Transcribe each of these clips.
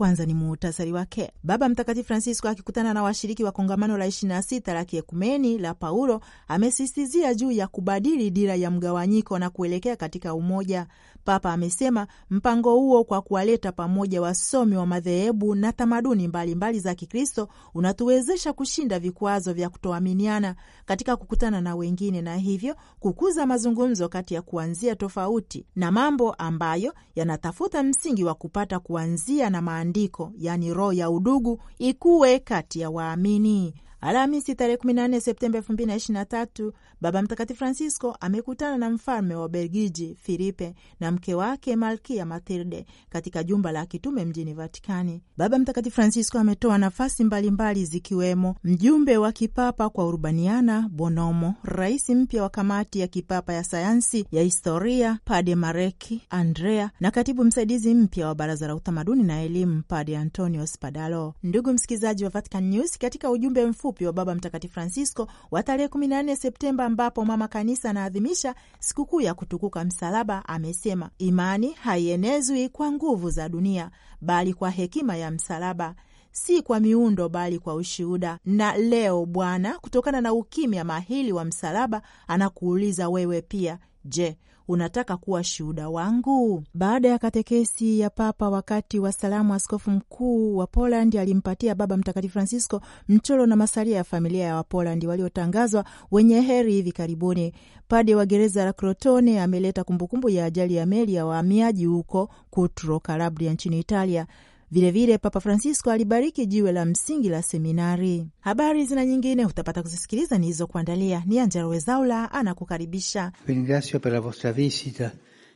kwanza ni muhutasari wake. Baba Mtakatifu Francisco akikutana na washiriki wa kongamano la 26 la kiekumeni la Paulo amesistizia juu ya kubadili dira ya mgawanyiko na kuelekea katika umoja. Papa amesema mpango huo kwa kuwaleta pamoja wasomi wa madhehebu na tamaduni mbalimbali za Kikristo unatuwezesha kushinda vikwazo vya kutoaminiana katika kukutana na wengine na hivyo kukuza mazungumzo kati ya kuanzia tofauti na mambo ambayo yanatafuta msingi wa kupata kuanzia na maana maandiko, yaani roho ya udugu, ikuwe kati ya waamini. Alhamisi tarehe 14 Septemba 2023, Baba Mtakatifu Francisco amekutana na mfalme wa Ubelgiji Filipe na mke wake Malkia Mathilde katika jumba la kitume mjini Vatikani. Baba Mtakatifu Francisco ametoa nafasi mbalimbali zikiwemo mjumbe wa kipapa kwa Urbaniana Bonomo, rais mpya wa kamati ya kipapa ya sayansi ya historia Pade Mareki Andrea na katibu msaidizi mpya wa baraza la utamaduni na elimu Pade Antonio Spadalo. Ndugu msikilizaji wa Vatican News, katika ujumbe mfu mfupi wa Baba Mtakatifu Francisco wa tarehe 14 Septemba, ambapo Mama Kanisa anaadhimisha sikukuu ya kutukuka msalaba, amesema imani haienezwi kwa nguvu za dunia, bali kwa hekima ya msalaba si kwa miundo bali kwa ushuhuda. Na leo Bwana, kutokana na ukimya mahili wa msalaba, anakuuliza wewe pia, Je, unataka kuwa shuhuda wangu? Baada ya katekesi ya Papa wakati wa salamu, askofu mkuu wa Polandi alimpatia Baba Mtakatifu Francisco mchoro na masalia ya familia ya Wapolandi waliotangazwa wenye heri hivi karibuni. Pade wa gereza la Crotone ameleta kumbukumbu ya ajali ya meli ya wahamiaji huko Kutro, Kalabria nchini Italia. Vilevile vile Papa Francisco alibariki jiwe la msingi la seminari. Habari zina nyingine utapata kuzisikiliza nilizokuandalia. Ni Angela Wezaula anakukaribisha. Vi ringrazio per la vostra visita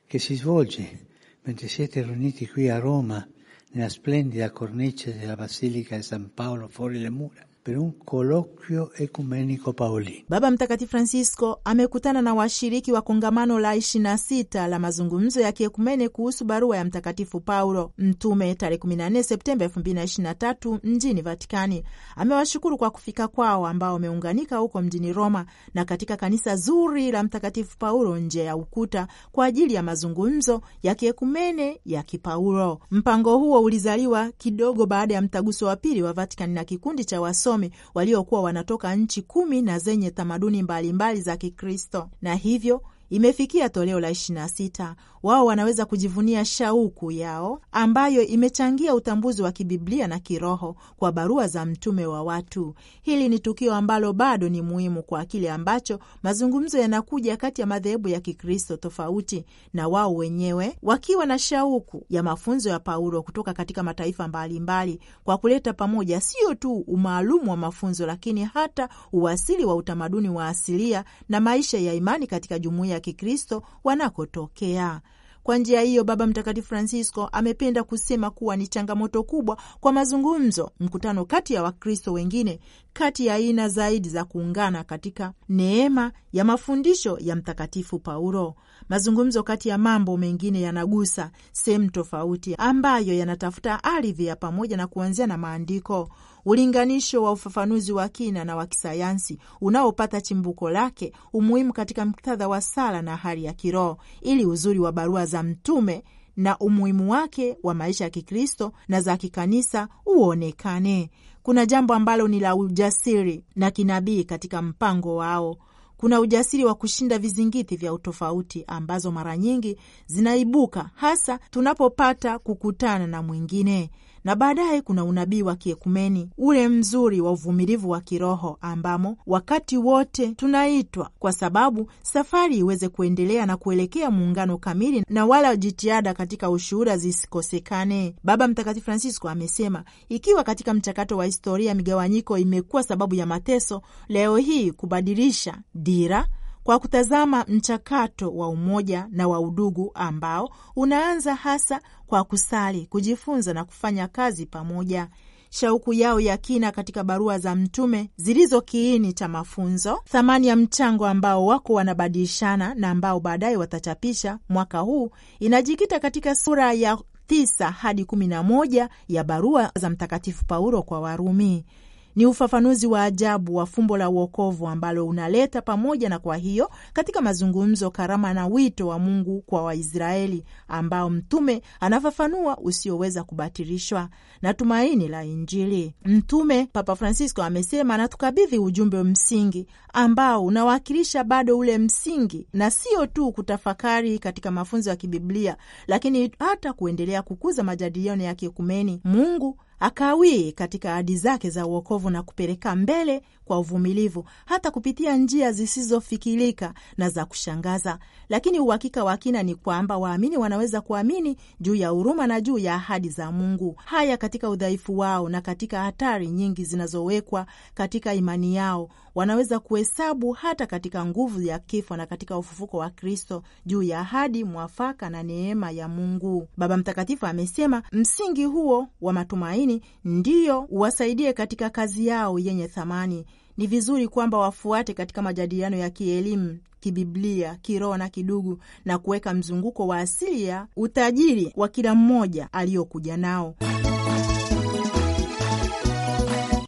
che si svolge mentre siete riuniti qui a Roma nella splendida cornice della basilica di San Paolo fuori le mura per un colloquio ecumenico paolini. Baba Mtakatifu Francisco amekutana na washiriki wa kongamano la 26 la mazungumzo ya kiekumene kuhusu barua ya Mtakatifu Paulo mtume tarehe 14 Septemba 2023 mjini Vatikani. Amewashukuru kwa kufika kwao ambao wameunganika huko mjini Roma na katika kanisa zuri la Mtakatifu Paulo nje ya ukuta kwa ajili ya mazungumzo ya kiekumene ya kipaulo. Mpango huo ulizaliwa kidogo baada ya mtaguso wa pili wa Vatikani na kikundi cha waso wasomi waliokuwa wanatoka nchi kumi na zenye tamaduni mbalimbali za Kikristo na hivyo Imefikia toleo la 26. Wao wanaweza kujivunia shauku yao ambayo imechangia utambuzi wa kibiblia na kiroho kwa barua za mtume wa watu. Hili ni tukio ambalo bado ni muhimu kwa kile ambacho mazungumzo yanakuja kati ya madhehebu ya Kikristo tofauti na wao wenyewe, wakiwa na shauku ya mafunzo ya Paulo kutoka katika mataifa mbalimbali mbali, kwa kuleta pamoja sio tu umaalumu wa mafunzo, lakini hata uasili wa utamaduni wa asilia na maisha ya imani katika jumuiya Kikristo wanakotokea. Kwa njia hiyo, Baba Mtakatifu Francisco amependa kusema kuwa ni changamoto kubwa kwa mazungumzo, mkutano kati ya Wakristo wengine, kati ya aina zaidi za kuungana katika neema ya mafundisho ya Mtakatifu Paulo. Mazungumzo kati ya mambo mengine yanagusa sehemu tofauti ambayo yanatafuta ardhi ya pamoja na kuanzia na maandiko ulinganisho wa ufafanuzi wa kina na wa kisayansi unaopata chimbuko lake umuhimu katika muktadha wa sala na hali ya kiroho, ili uzuri wa barua za mtume na umuhimu wake wa maisha ya Kikristo na za kikanisa uonekane. Kuna jambo ambalo ni la ujasiri na kinabii katika mpango wao kuna ujasiri wa kushinda vizingiti vya utofauti ambazo mara nyingi zinaibuka hasa tunapopata kukutana na mwingine na baadaye kuna unabii wa kiekumeni ule mzuri wa uvumilivu wa kiroho ambamo wakati wote tunaitwa kwa sababu safari iweze kuendelea na kuelekea muungano kamili, na wala jitihada katika ushuhuda zisikosekane. Baba Mtakatifu Francisco amesema, ikiwa katika mchakato wa historia migawanyiko imekuwa sababu ya mateso, leo hii kubadilisha ajira kwa kutazama mchakato wa umoja na wa udugu ambao unaanza hasa kwa kusali, kujifunza na kufanya kazi pamoja. Shauku yao ya kina katika barua za mtume zilizo kiini cha mafunzo, thamani ya mchango ambao wako wanabadilishana na ambao baadaye watachapisha mwaka huu, inajikita katika sura ya 9 hadi 11 ya barua za Mtakatifu Paulo kwa Warumi. Ni ufafanuzi wa ajabu wa fumbo la uokovu ambalo unaleta pamoja na kwa hiyo katika mazungumzo karama na wito wa Mungu kwa Waisraeli ambao mtume anafafanua usioweza kubatilishwa na tumaini la Injili. Mtume Papa Francisco amesema, anatukabidhi ujumbe msingi ambao unawakilisha bado ule msingi, na sio tu kutafakari katika mafunzo ya kibiblia, lakini hata kuendelea kukuza majadiliano ya kiekumeni Mungu Akawii katika ahadi zake za uokovu na kupeleka mbele kwa uvumilivu hata kupitia njia zisizofikirika na za kushangaza. Lakini uhakika wa kina ni kwamba waamini wanaweza kuamini juu ya huruma na juu ya ahadi za Mungu. Haya, katika udhaifu wao na katika hatari nyingi zinazowekwa katika imani yao, wanaweza kuhesabu hata katika nguvu ya kifo na katika ufufuko wa Kristo juu ya ahadi mwafaka na neema ya Mungu. Baba Mtakatifu amesema msingi huo wa matumaini kuamini ndiyo uwasaidie katika kazi yao yenye thamani. Ni vizuri kwamba wafuate katika majadiliano ya kielimu, kibiblia, kiroho na kidugu na kuweka mzunguko wa asili ya utajiri wa kila mmoja aliyokuja nao.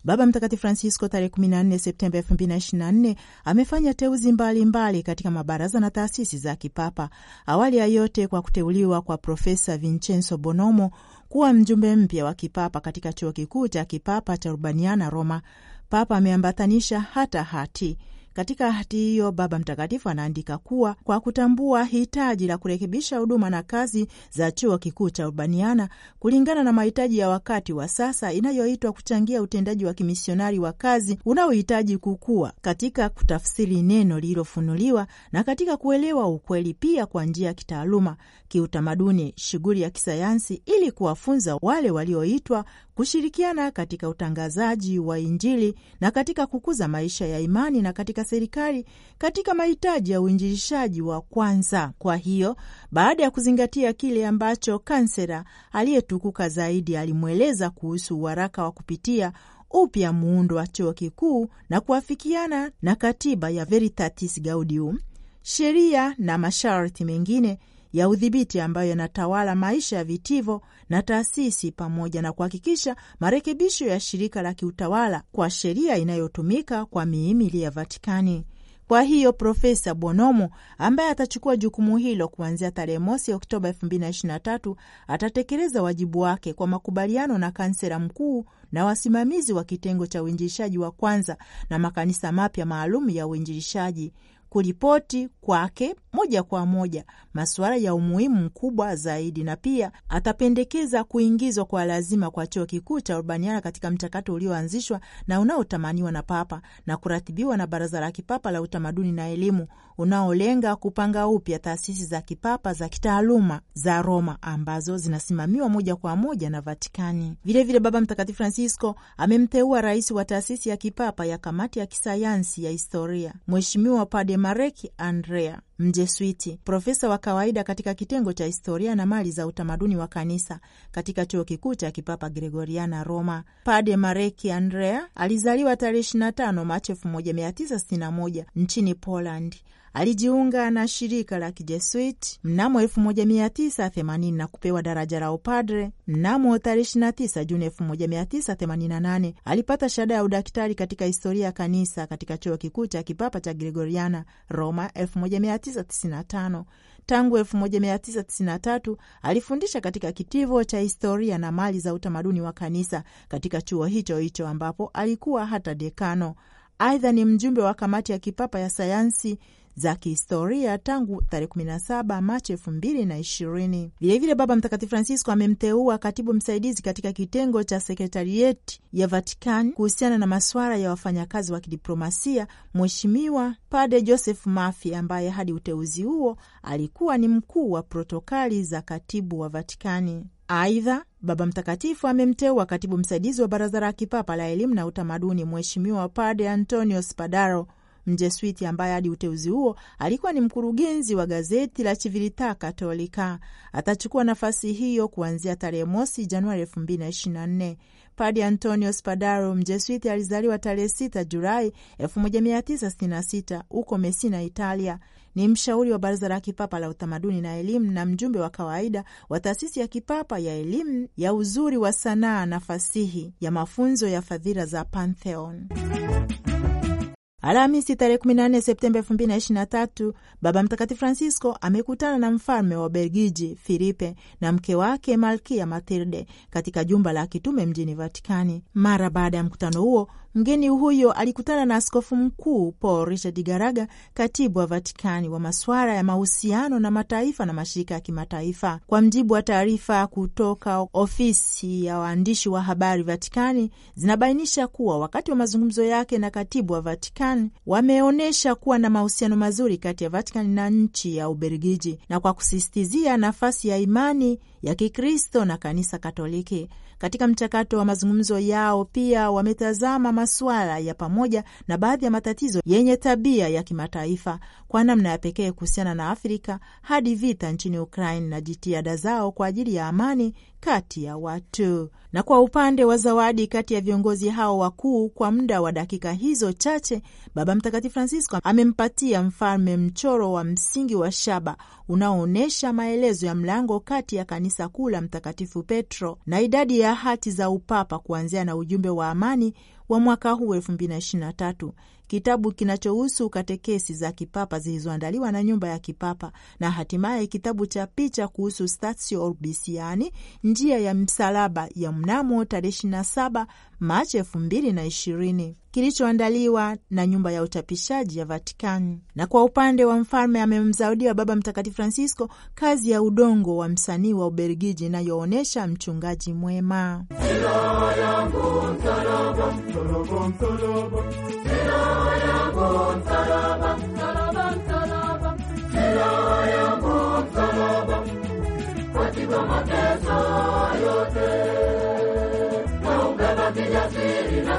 Baba Mtakatifu Francisco tarehe 14 Septemba 2024 amefanya teuzi mbalimbali mbali katika mabaraza na taasisi za kipapa. Awali ya yote kwa kuteuliwa kwa Profesa Vincenzo Bonomo kuwa mjumbe mpya wa kipapa katika chuo kikuu cha kipapa cha Urbaniana Roma. Papa ameambatanisha hata hati katika hati hiyo, Baba Mtakatifu anaandika kuwa kwa kutambua hitaji la kurekebisha huduma na kazi za chuo kikuu cha Urbaniana kulingana na mahitaji ya wakati wa sasa, inayoitwa kuchangia utendaji wa kimisionari wa kazi unaohitaji kukua katika kutafsiri neno lililofunuliwa na katika kuelewa ukweli, pia kwa njia ya kitaaluma, kiutamaduni, shughuli ya kisayansi, ili kuwafunza wale walioitwa kushirikiana katika utangazaji wa Injili na katika kukuza maisha ya imani na katika serikali katika mahitaji ya uinjilishaji wa kwanza. Kwa hiyo, baada ya kuzingatia kile ambacho kansela aliyetukuka zaidi alimweleza kuhusu waraka wa kupitia upya muundo wa chuo kikuu na kuafikiana na katiba ya Veritatis Gaudium, sheria na masharti mengine ya udhibiti ambayo yanatawala maisha ya vitivo na taasisi pamoja na kuhakikisha marekebisho ya shirika la kiutawala kwa sheria inayotumika kwa miimili ya Vatikani. Kwa hiyo Profesa Bonomo ambaye atachukua jukumu hilo kuanzia tarehe mosi Oktoba 2023 atatekeleza wajibu wake kwa makubaliano na kansela mkuu na wasimamizi wa kitengo cha uinjilishaji wa kwanza na makanisa mapya maalum ya uinjilishaji kuripoti kwake moja kwa moja masuala ya umuhimu mkubwa zaidi, na pia atapendekeza kuingizwa kwa lazima kwa chuo kikuu cha Urbaniana katika mchakato ulioanzishwa na unaotamaniwa na Papa na kuratibiwa na Baraza la Kipapa la Utamaduni na Elimu, unaolenga kupanga upya taasisi za kipapa za kitaaluma za Roma ambazo zinasimamiwa moja kwa moja na Vatikani. Vilevile Baba Mtakatifu Francisco amemteua rais wa taasisi ya kipapa ya kamati ya kisayansi ya historia Mheshimiwa Pademareki Andrea mjeswiti, profesa wa kawaida katika kitengo cha historia na mali za utamaduni wa kanisa katika chuo kikuu cha kipapa Gregoriana Roma. Pade Mareki Andrea alizaliwa tarehe 25 Machi 1961 nchini Poland. Alijiunga na shirika la kijesuit mnamo 1980 na kupewa daraja la upadre mnamo tarehe 29 Juni 1988. Alipata shahada ya udaktari katika historia ya kanisa katika chuo kikuu cha kipapa cha Gregoriana Roma 1995. Tangu 1993 alifundisha katika kitivo cha historia na mali za utamaduni wa kanisa katika chuo hicho hicho ambapo alikuwa hata dekano. Aidha ni mjumbe wa kamati ya kipapa ya sayansi za kihistoria tangu tarehe 17 Machi elfu na ishirini Vilevile Baba Mtakatifu Francisco amemteua katibu msaidizi katika kitengo cha sekretarieti ya Vatikani kuhusiana na masuala ya wafanyakazi wa kidiplomasia, Mheshimiwa Pade Joseph Mafi, ambaye hadi uteuzi huo alikuwa ni mkuu wa protokali za katibu wa Vatikani. Aidha, Baba Mtakatifu amemteua katibu msaidizi wa Baraza la Kipapa la Elimu na Utamaduni, Mheshimiwa Pade Antonio Spadaro mjeswiti ambaye hadi uteuzi huo alikuwa ni mkurugenzi wa gazeti la Chivilita Katolika. Atachukua nafasi hiyo kuanzia tarehe mosi Januari nne. Padi Antonio Spadaro, mjeswiti alizaliwa tarehe sita Julai 1966 huko Mesina, Italia. Ni mshauri wa Baraza la Kipapa la Utamaduni na Elimu na mjumbe wa kawaida wa Taasisi ya Kipapa ya Elimu ya Uzuri wa Sanaa na Fasihi ya Mafunzo ya Fadhila za Pantheon. Alhamisi tarehe 14 Septemba 2023, Baba Mtakatifu Francisco amekutana na mfalme wa Ubelgiji Filipe na mke wake Malkia Matilde katika jumba la kitume mjini Vatikani. Mara baada ya mkutano huo Mgeni huyo alikutana na askofu mkuu Paul Richard Garaga, katibu wa Vatikani wa masuala ya mahusiano na mataifa na mashirika ya kimataifa. Kwa mjibu wa taarifa kutoka ofisi ya waandishi wa habari Vatikani, zinabainisha kuwa wakati wa mazungumzo yake na katibu wa Vatikani wameonyesha kuwa na mahusiano mazuri kati ya Vatikani na nchi ya Ubelgiji, na kwa kusisitizia nafasi ya imani ya Kikristo na kanisa Katoliki. Katika mchakato wa mazungumzo yao pia wametazama masuala ya pamoja na baadhi ya matatizo yenye tabia ya kimataifa kwa namna ya pekee kuhusiana na Afrika hadi vita nchini Ukraine na jitihada zao kwa ajili ya amani kati ya watu. Na kwa upande wa zawadi kati ya viongozi hao wakuu, kwa muda wa dakika hizo chache, Baba Mtakatifu Francisco amempatia mfalme mchoro wa msingi wa shaba unaoonyesha maelezo ya mlango kati ya kanisa kuu la Mtakatifu Petro na idadi ya hati za upapa, kuanzia na ujumbe wa amani wa mwaka huu 2023 kitabu kinachohusu katekesi za kipapa zilizoandaliwa na nyumba ya kipapa na hatimaye kitabu cha picha kuhusu Statio Urbisiani, njia ya msalaba ya mnamo tarehe 27 Machi elfu mbili na ishirini kilichoandaliwa na nyumba ya utapishaji ya Vatikani. Na kwa upande wa mfalme, amemzawadiwa Baba Mtakatifu Francisco kazi ya udongo wa msanii wa Ubelgiji inayoonyesha mchungaji mwema.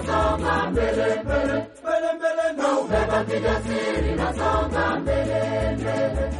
nasonga mbele mbele mbele mbele na kijasiri nasonga mbele mbele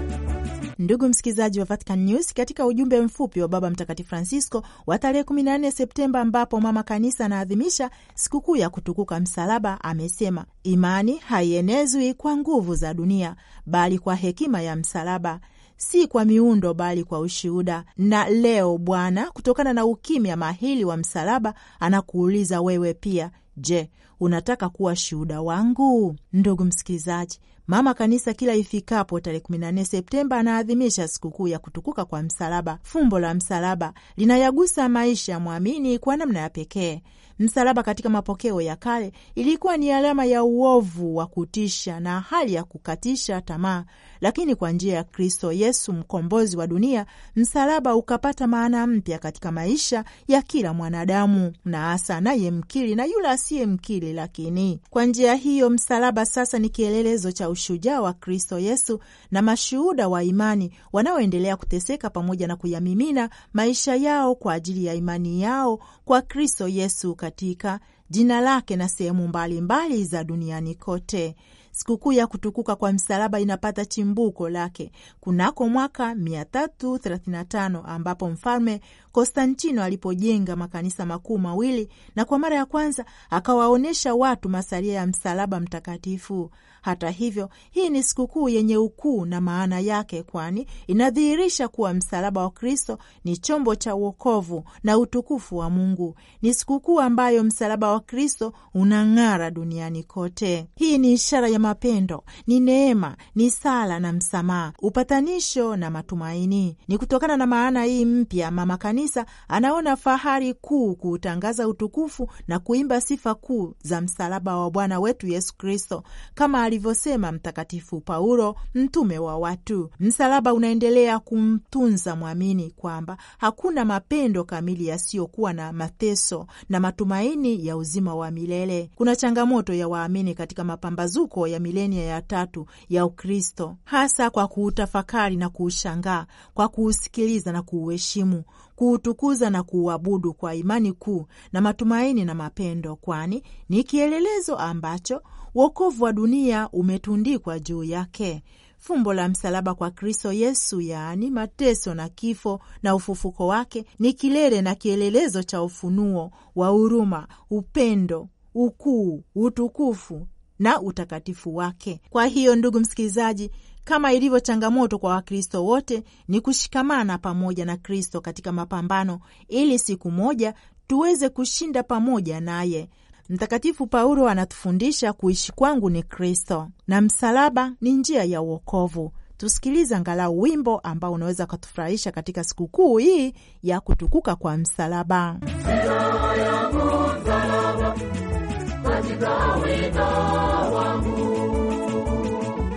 Ndugu msikilizaji wa Vatican News, katika ujumbe mfupi wa Baba Mtakatifu Francisco wa tarehe 14 Septemba, ambapo Mama Kanisa anaadhimisha sikukuu ya kutukuka msalaba, amesema imani haienezwi kwa nguvu za dunia, bali kwa hekima ya msalaba si kwa miundo bali kwa ushuhuda. Na leo Bwana, kutokana na ukimya mahili wa msalaba, anakuuliza wewe pia, Je, unataka kuwa shuhuda wangu? Ndugu msikilizaji, Mama Kanisa kila ifikapo tarehe 14 Septemba anaadhimisha sikukuu ya kutukuka kwa msalaba. Fumbo la msalaba linayagusa maisha ya mwamini kwa namna ya pekee. Msalaba katika mapokeo ya kale ilikuwa ni alama ya uovu wa kutisha na hali ya kukatisha tamaa, lakini kwa njia ya Kristo Yesu, mkombozi wa dunia, msalaba ukapata maana mpya katika maisha ya kila mwanadamu, na hasa mkili na yule asiye mkili Lakini kwa njia hiyo, msalaba sasa ni kielelezo cha ushujaa wa Kristo Yesu na mashuhuda wa imani wanaoendelea kuteseka pamoja na kuyamimina maisha yao kwa ajili ya imani yao kwa Kristo Yesu katika jina lake na sehemu mbalimbali za duniani kote. Sikukuu ya kutukuka kwa msalaba inapata chimbuko lake kunako mwaka 335 ambapo mfalme Konstantino alipojenga makanisa makuu mawili na kwa mara ya kwanza akawaonyesha watu masalia ya msalaba mtakatifu. Hata hivyo, hii ni sikukuu yenye ukuu na maana yake, kwani inadhihirisha kuwa msalaba wa Kristo ni chombo cha uokovu na utukufu wa Mungu. Ni sikukuu ambayo msalaba wa Kristo unang'ara duniani kote. Hii ni ishara ya mapendo, ni neema, ni sala na msamaha, upatanisho na matumaini. Ni kutokana na maana hii mpya, Mama Kanisa anaona fahari kuu kuutangaza utukufu na kuimba sifa kuu za msalaba wa Bwana wetu Yesu Kristo kama ali alivyosema Mtakatifu Paulo mtume wa watu. Msalaba unaendelea kumtunza mwamini kwamba hakuna mapendo kamili yasiyokuwa na mateso na matumaini ya uzima wa milele. Kuna changamoto ya waamini katika mapambazuko ya milenia ya tatu ya Ukristo, hasa kwa kuutafakari na kuushangaa, kwa kuusikiliza na kuuheshimu kuutukuza na kuuabudu kwa imani kuu na matumaini na mapendo, kwani ni kielelezo ambacho wokovu wa dunia umetundikwa juu yake. Fumbo la msalaba kwa Kristo Yesu, yaani mateso na kifo na ufufuko wake, ni kilele na kielelezo cha ufunuo wa huruma, upendo, ukuu, utukufu na utakatifu wake. Kwa hiyo, ndugu msikilizaji, kama ilivyo changamoto kwa Wakristo wote ni kushikamana pamoja na Kristo katika mapambano, ili siku moja tuweze kushinda pamoja naye. Mtakatifu Paulo anatufundisha kuishi kwangu ni Kristo na msalaba ni njia ya uokovu. Tusikilize angalau wimbo ambao unaweza ukatufurahisha katika sikukuu hii ya kutukuka kwa msalaba.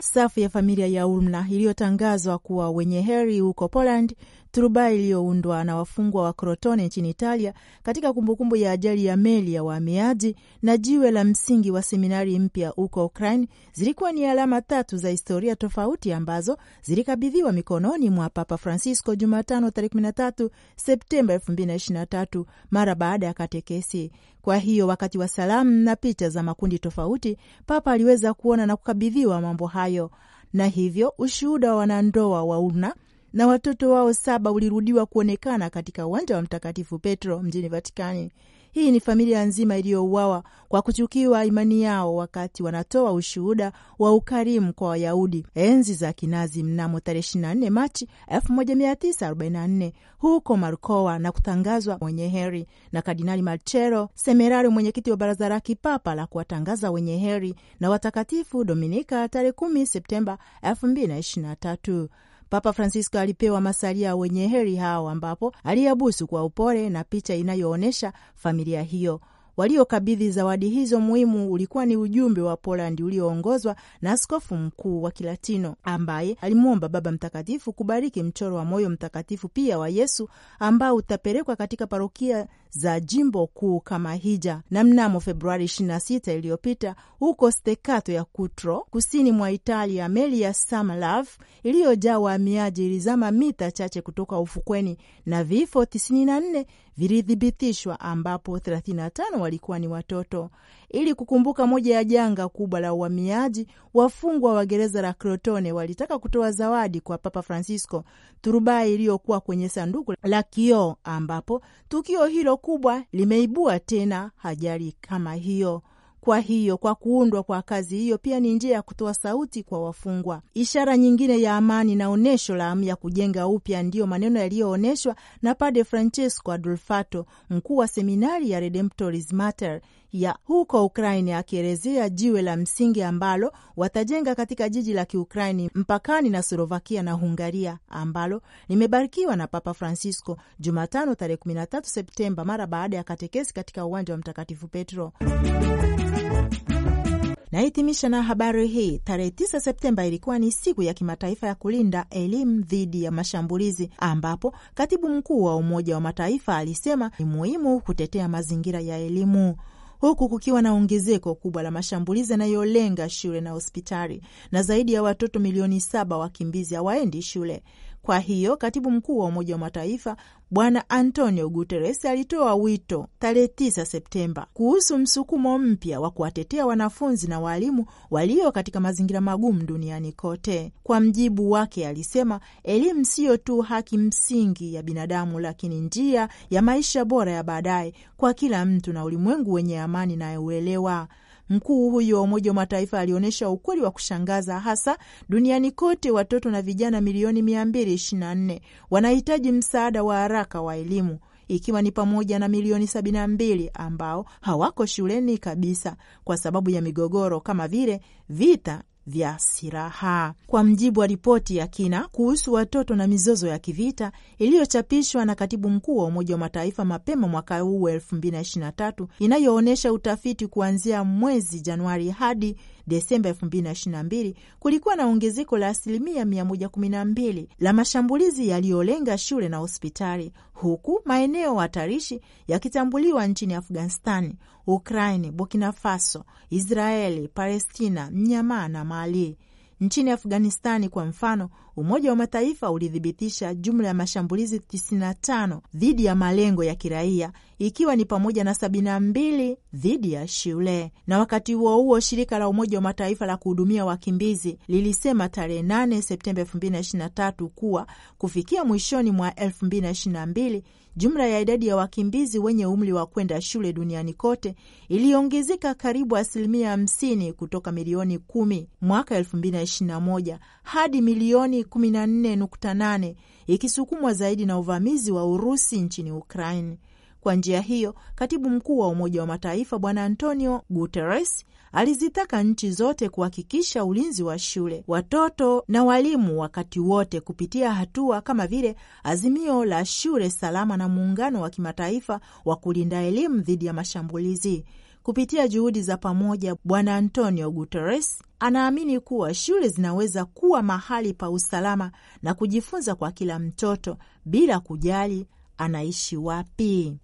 Safu ya familia ya Ulmna iliyotangazwa kuwa wenye heri huko Poland turubai iliyoundwa na wafungwa wa Crotone nchini Italia katika kumbukumbu ya ajali ya meli ya wahamiaji na jiwe la msingi wa seminari mpya huko Ukraine zilikuwa ni alama tatu za historia tofauti ambazo zilikabidhiwa mikononi mwa Papa Francisco Jumatano tarehe 13 Septemba 2023 mara baada ya katekesi. Kwa hiyo wakati wa salamu na picha za makundi tofauti, Papa aliweza kuona na kukabidhiwa mambo hayo na hivyo ushuhuda wa wanandoa wa una na watoto wao saba ulirudiwa kuonekana katika uwanja wa Mtakatifu Petro mjini Vatikani. Hii ni familia nzima iliyouawa kwa kuchukiwa imani yao wakati wanatoa ushuhuda wa ukarimu kwa Wayahudi enzi za Kinazi mnamo tarehe 24 Machi 1944 huko Markowa na kutangazwa wenye heri na Kardinali Marcello Semerari, mwenyekiti wa Baraza la Kipapa la kuwatangaza wenye heri na watakatifu Dominika tarehe 10 Septemba 2023. Papa Francisco alipewa masalia wenye heri hao, ambapo aliyabusu kwa upole na picha inayoonyesha familia hiyo waliokabidhi zawadi hizo muhimu ulikuwa ni ujumbe wa Polandi ulioongozwa na askofu mkuu wa Kilatino ambaye alimwomba Baba Mtakatifu kubariki mchoro wa moyo mtakatifu pia wa Yesu ambao utapelekwa katika parokia za jimbo kuu kama hija, na mnamo Februari 26 iliyopita huko Stekato ya Kutro, kusini mwa Italia, meli ya Samlav iliyojaa wahamiaji ilizama mita chache kutoka ufukweni na vifo 94 vilithibitishwa ambapo 35 walikuwa ni watoto. Ili kukumbuka moja ya janga kubwa la uhamiaji, wafungwa wa gereza la Crotone walitaka kutoa zawadi kwa Papa Francisco turubai iliyokuwa kwenye sanduku la kioo, ambapo tukio hilo kubwa limeibua tena ajali kama hiyo. Kwa hiyo kwa kuundwa kwa kazi hiyo pia ni njia ya kutoa sauti kwa wafungwa, ishara nyingine ya amani na onyesho la hamu ya kujenga upya. Ndiyo maneno yaliyoonyeshwa na Padre Francesco Adolfato, mkuu wa seminari ya Redemptoris Mater ya huko Ukraini, akielezea jiwe la msingi ambalo watajenga katika jiji la Kiukraini mpakani na Slovakia na Hungaria, ambalo limebarikiwa na Papa Francisco Jumatano tarehe 13 Septemba mara baada ya katekesi katika uwanja wa Mtakatifu Petro. Nahitimisha na habari hii. Tarehe 9 Septemba ilikuwa ni siku ya kimataifa ya kulinda elimu dhidi ya mashambulizi, ambapo katibu mkuu wa Umoja wa Mataifa alisema ni muhimu kutetea mazingira ya elimu huku kukiwa na ongezeko kubwa la mashambulizi yanayolenga shule na hospitali, na zaidi ya watoto milioni saba wakimbizi hawaendi shule. Kwa hiyo katibu mkuu wa Umoja wa Mataifa Bwana Antonio Guterres alitoa wito tarehe 9 Septemba kuhusu msukumo mpya wa kuwatetea wanafunzi na waalimu walio katika mazingira magumu duniani kote. Kwa mjibu wake, alisema elimu siyo tu haki msingi ya binadamu, lakini njia ya maisha bora ya baadaye kwa kila mtu na ulimwengu wenye amani na uelewa. Mkuu huyo wa Umoja wa Mataifa alionyesha ukweli wa kushangaza hasa, duniani kote watoto na vijana milioni 224 wanahitaji msaada wa haraka wa elimu ikiwa ni pamoja na milioni sabini na mbili ambao hawako shuleni kabisa kwa sababu ya migogoro kama vile vita vya silaha. Kwa mjibu wa ripoti ya kina kuhusu watoto na mizozo ya kivita iliyochapishwa na katibu mkuu wa Umoja wa Mataifa mapema mwaka huu 2023 inayoonyesha utafiti kuanzia mwezi Januari hadi Desemba 2022 kulikuwa na ongezeko la asilimia 112 la mashambulizi yaliyolenga shule na hospitali, huku maeneo hatarishi yakitambuliwa nchini Afghanistani, Ukraini, Burkina Faso, Israeli, Palestina, Myanmar na Somali. Nchini Afghanistani kwa mfano, Umoja wa Mataifa ulithibitisha jumla ya mashambulizi 95 dhidi ya malengo ya kiraia ikiwa ni pamoja na 72 dhidi ya shule. Na wakati huo huo, shirika la Umoja wa Mataifa la kuhudumia wakimbizi lilisema tarehe 8 Septemba 2023 kuwa kufikia mwishoni mwa 2022 Jumla ya idadi ya wakimbizi wenye umri wa kwenda shule duniani kote iliongezeka karibu asilimia 50 kutoka milioni 10 mwaka 2021 hadi milioni 14.8 ikisukumwa zaidi na uvamizi wa Urusi nchini ukraini kwa njia hiyo, katibu mkuu wa Umoja wa Mataifa Bwana Antonio Guterres alizitaka nchi zote kuhakikisha ulinzi wa shule, watoto na walimu wakati wote kupitia hatua kama vile azimio la shule salama na muungano wa kimataifa wa kulinda elimu dhidi ya mashambulizi. Kupitia juhudi za pamoja, Bwana Antonio Guterres anaamini kuwa shule zinaweza kuwa mahali pa usalama na kujifunza kwa kila mtoto bila kujali anaishi wapi?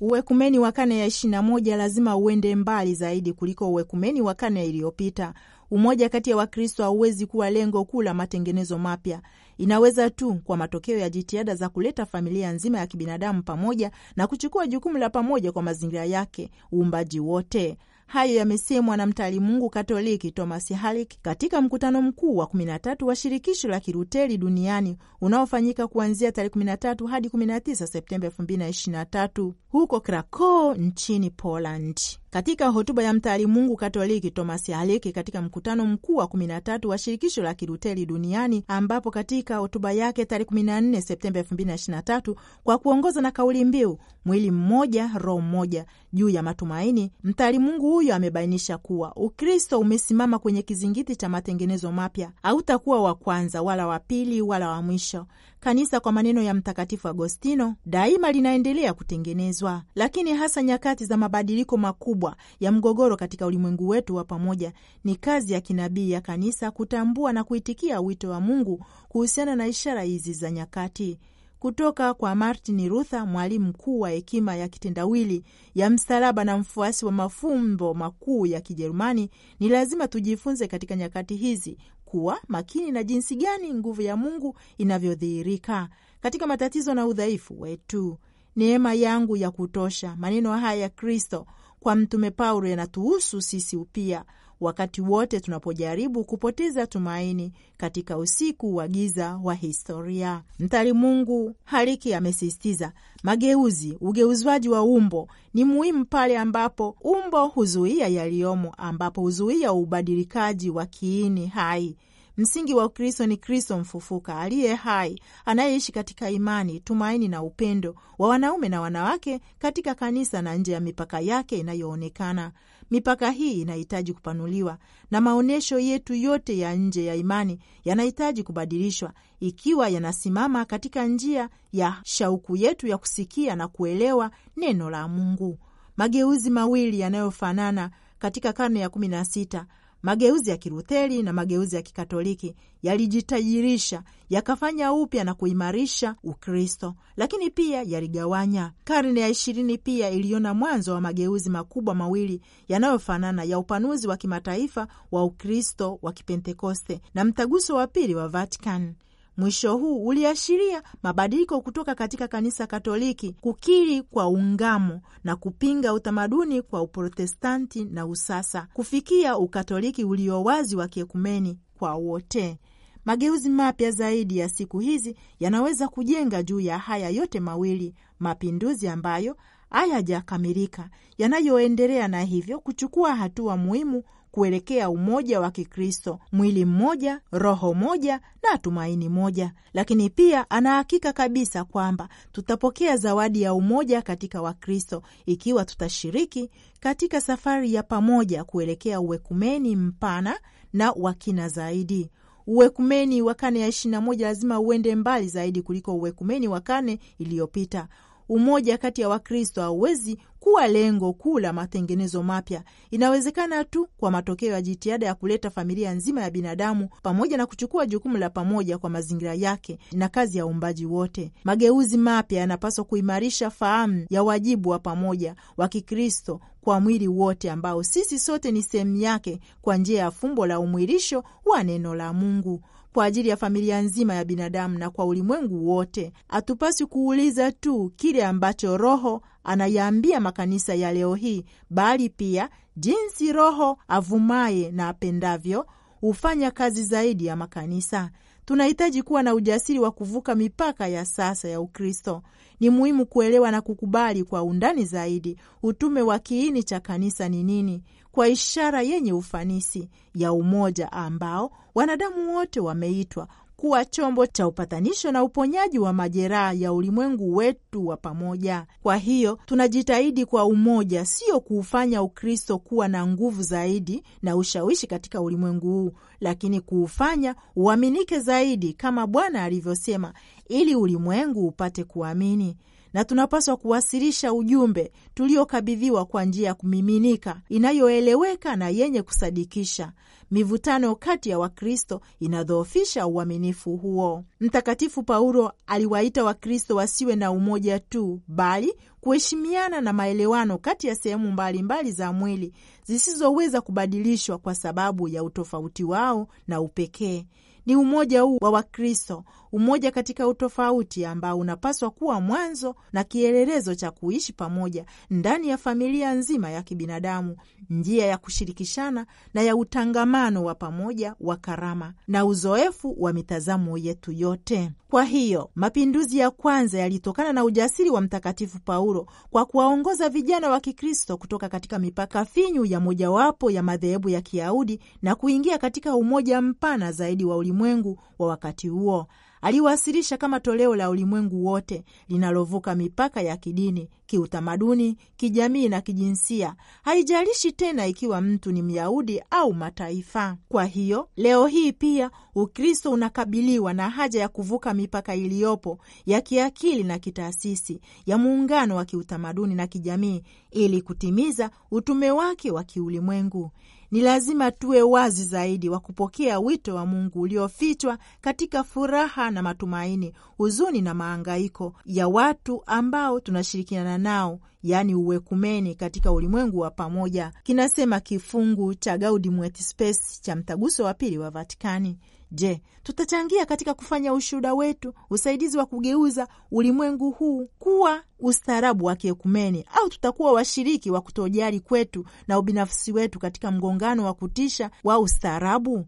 Uwekumeni wa karne ya 21 lazima uende mbali zaidi kuliko uwekumeni wa karne iliyopita. Umoja kati ya Wakristo hauwezi kuwa lengo kuu la matengenezo mapya. Inaweza tu kwa matokeo ya jitihada za kuleta familia nzima ya kibinadamu pamoja na kuchukua jukumu la pamoja kwa mazingira yake, uumbaji wote. Hayo yamesemwa na mtaalimungu Katoliki Thomas Halik katika mkutano mkuu wa 13 wa shirikisho la Kiruteli duniani unaofanyika kuanzia tarehe 13 hadi 19 Septemba 2023 huko Krakow nchini Poland. Katika hotuba ya mtaalimungu Katoliki Thomas Haleki katika mkutano mkuu wa 13 wa shirikisho la Kiluteri duniani ambapo katika hotuba yake tarehe 14 Septemba 2023 kwa kuongoza na kauli mbiu mwili mmoja roho mmoja juu ya matumaini, mtaali mungu huyo amebainisha kuwa Ukristo umesimama kwenye kizingiti cha matengenezo mapya, hautakuwa wa kwanza wala wa pili wala wa mwisho kanisa kwa maneno ya Mtakatifu Agostino daima linaendelea kutengenezwa, lakini hasa nyakati za mabadiliko makubwa ya mgogoro katika ulimwengu wetu wa pamoja, ni kazi ya kinabii ya kanisa kutambua na kuitikia wito wa Mungu kuhusiana na ishara hizi za nyakati kutoka kwa Martin Luther, mwalimu mkuu wa hekima ya kitendawili ya msalaba na mfuasi wa mafumbo makuu ya Kijerumani. Ni lazima tujifunze katika nyakati hizi kuwa makini na jinsi gani nguvu ya Mungu inavyodhihirika katika matatizo na udhaifu wetu. Neema yangu ya kutosha, maneno haya ya Kristo kwa Mtume Paulo yanatuhusu sisi upia wakati wote tunapojaribu kupoteza tumaini katika usiku wa giza wa historia. mtari Mungu Hariki amesisitiza mageuzi, ugeuzwaji wa umbo ni muhimu pale ambapo umbo huzuia yaliyomo, ambapo huzuia ubadilikaji wa kiini hai. Msingi wa Ukristo ni Kristo mfufuka aliye hai anayeishi katika imani, tumaini na upendo wa wanaume na wanawake katika kanisa na nje ya mipaka yake inayoonekana. Mipaka hii inahitaji kupanuliwa na maonyesho yetu yote ya nje ya imani yanahitaji kubadilishwa, ikiwa yanasimama katika njia ya shauku yetu ya kusikia na kuelewa neno la Mungu. Mageuzi mawili yanayofanana katika karne ya kumi na sita Mageuzi ya Kilutheri na mageuzi ya Kikatoliki yalijitajirisha, yakafanya upya na kuimarisha Ukristo, lakini pia yaligawanya. Karne ya ishirini pia iliona mwanzo wa mageuzi makubwa mawili yanayofanana ya upanuzi wa kimataifa wa Ukristo wa Kipentekoste na mtaguso wa pili wa vatican Mwisho huu uliashiria mabadiliko kutoka katika kanisa Katoliki kukiri kwa ungamo na kupinga utamaduni kwa Uprotestanti na usasa kufikia Ukatoliki ulio wazi wa kiekumeni kwa wote. Mageuzi mapya zaidi ya siku hizi yanaweza kujenga juu ya haya yote mawili: mapinduzi ambayo hayajakamilika yanayoendelea, na hivyo kuchukua hatua muhimu kuelekea umoja wa Kikristo, mwili mmoja, roho moja na tumaini moja. Lakini pia anahakika kabisa kwamba tutapokea zawadi ya umoja katika Wakristo ikiwa tutashiriki katika safari ya pamoja kuelekea uwekumeni mpana na wakina zaidi. Uwekumeni wa kane ya 21 lazima uende mbali zaidi kuliko uwekumeni wa kane iliyopita umoja kati ya Wakristo hauwezi kuwa lengo kuu la matengenezo mapya. Inawezekana tu kwa matokeo ya jitihada ya kuleta familia nzima ya binadamu pamoja na kuchukua jukumu la pamoja kwa mazingira yake na kazi ya uumbaji wote. Mageuzi mapya yanapaswa kuimarisha fahamu ya wajibu wa pamoja wa Kikristo kwa mwili wote ambao sisi sote ni sehemu yake kwa njia ya fumbo la umwilisho wa neno la Mungu kwa ajili ya familia nzima ya binadamu na kwa ulimwengu wote. Hatupaswi kuuliza tu kile ambacho Roho anayaambia makanisa ya leo hii, bali pia jinsi Roho avumaye na apendavyo hufanya kazi zaidi ya makanisa. Tunahitaji kuwa na ujasiri wa kuvuka mipaka ya sasa ya Ukristo. Ni muhimu kuelewa na kukubali kwa undani zaidi utume wa kiini cha kanisa ni nini, kwa ishara yenye ufanisi ya umoja ambao wanadamu wote wameitwa kuwa chombo cha upatanisho na uponyaji wa majeraha ya ulimwengu wetu wa pamoja. Kwa hiyo tunajitahidi kwa umoja, sio kuufanya Ukristo kuwa na nguvu zaidi na ushawishi katika ulimwengu huu, lakini kuufanya uaminike zaidi, kama Bwana alivyosema, ili ulimwengu upate kuamini na tunapaswa kuwasilisha ujumbe tuliokabidhiwa kwa njia ya kumiminika inayoeleweka na yenye kusadikisha. Mivutano kati ya Wakristo inadhoofisha uaminifu huo. Mtakatifu Paulo aliwaita Wakristo wasiwe na umoja tu, bali kuheshimiana na maelewano kati ya sehemu mbalimbali za mwili zisizoweza kubadilishwa kwa sababu ya utofauti wao na upekee. Ni umoja huu wa Wakristo, umoja katika utofauti ambao unapaswa kuwa mwanzo na kielelezo cha kuishi pamoja ndani ya familia nzima ya kibinadamu, njia ya kushirikishana na ya utangamano wa pamoja wa karama na uzoefu wa mitazamo yetu yote. Kwa hiyo mapinduzi ya kwanza yalitokana na ujasiri wa Mtakatifu Paulo kwa kuwaongoza vijana wa Kikristo kutoka katika mipaka finyu ya mojawapo ya madhehebu ya Kiyahudi na kuingia katika umoja mpana zaidi wa ulimu ulimwengu wa wakati huo. Aliwasilisha kama toleo la ulimwengu wote linalovuka mipaka ya kidini, kiutamaduni, kijamii na kijinsia, haijalishi tena ikiwa mtu ni Myahudi au mataifa. Kwa hiyo leo hii pia Ukristo unakabiliwa na haja ya kuvuka mipaka iliyopo ya kiakili na kitaasisi, ya muungano wa kiutamaduni na kijamii, ili kutimiza utume wake wa kiulimwengu ni lazima tuwe wazi zaidi wa kupokea wito wa Mungu uliofichwa katika furaha na matumaini, huzuni na maangaiko ya watu ambao tunashirikiana nao, yaani uwekumeni katika ulimwengu wa pamoja, kinasema kifungu cha Gaudium et Spes cha mtaguso wa pili wa Vatikani. Je, tutachangia katika kufanya ushuhuda wetu usaidizi wa kugeuza ulimwengu huu kuwa ustaarabu wa kiekumeni, au tutakuwa washiriki wa kutojali kwetu na ubinafsi wetu katika mgongano wa kutisha wa ustaarabu?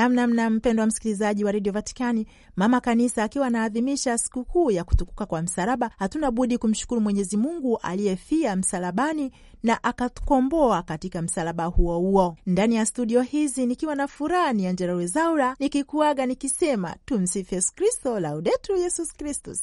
Namnamna mpendwa msikilizaji wa redio Vatikani, mama kanisa akiwa anaadhimisha sikukuu ya kutukuka kwa msalaba, hatuna budi kumshukuru Mwenyezi Mungu aliyefia msalabani na akatukomboa katika msalaba huo huo. Ndani ya studio hizi nikiwa na furaha ni Angela Wezaura nikikuaga nikisema tumsifu Yesu Kristo, laudetur Yesus Kristus.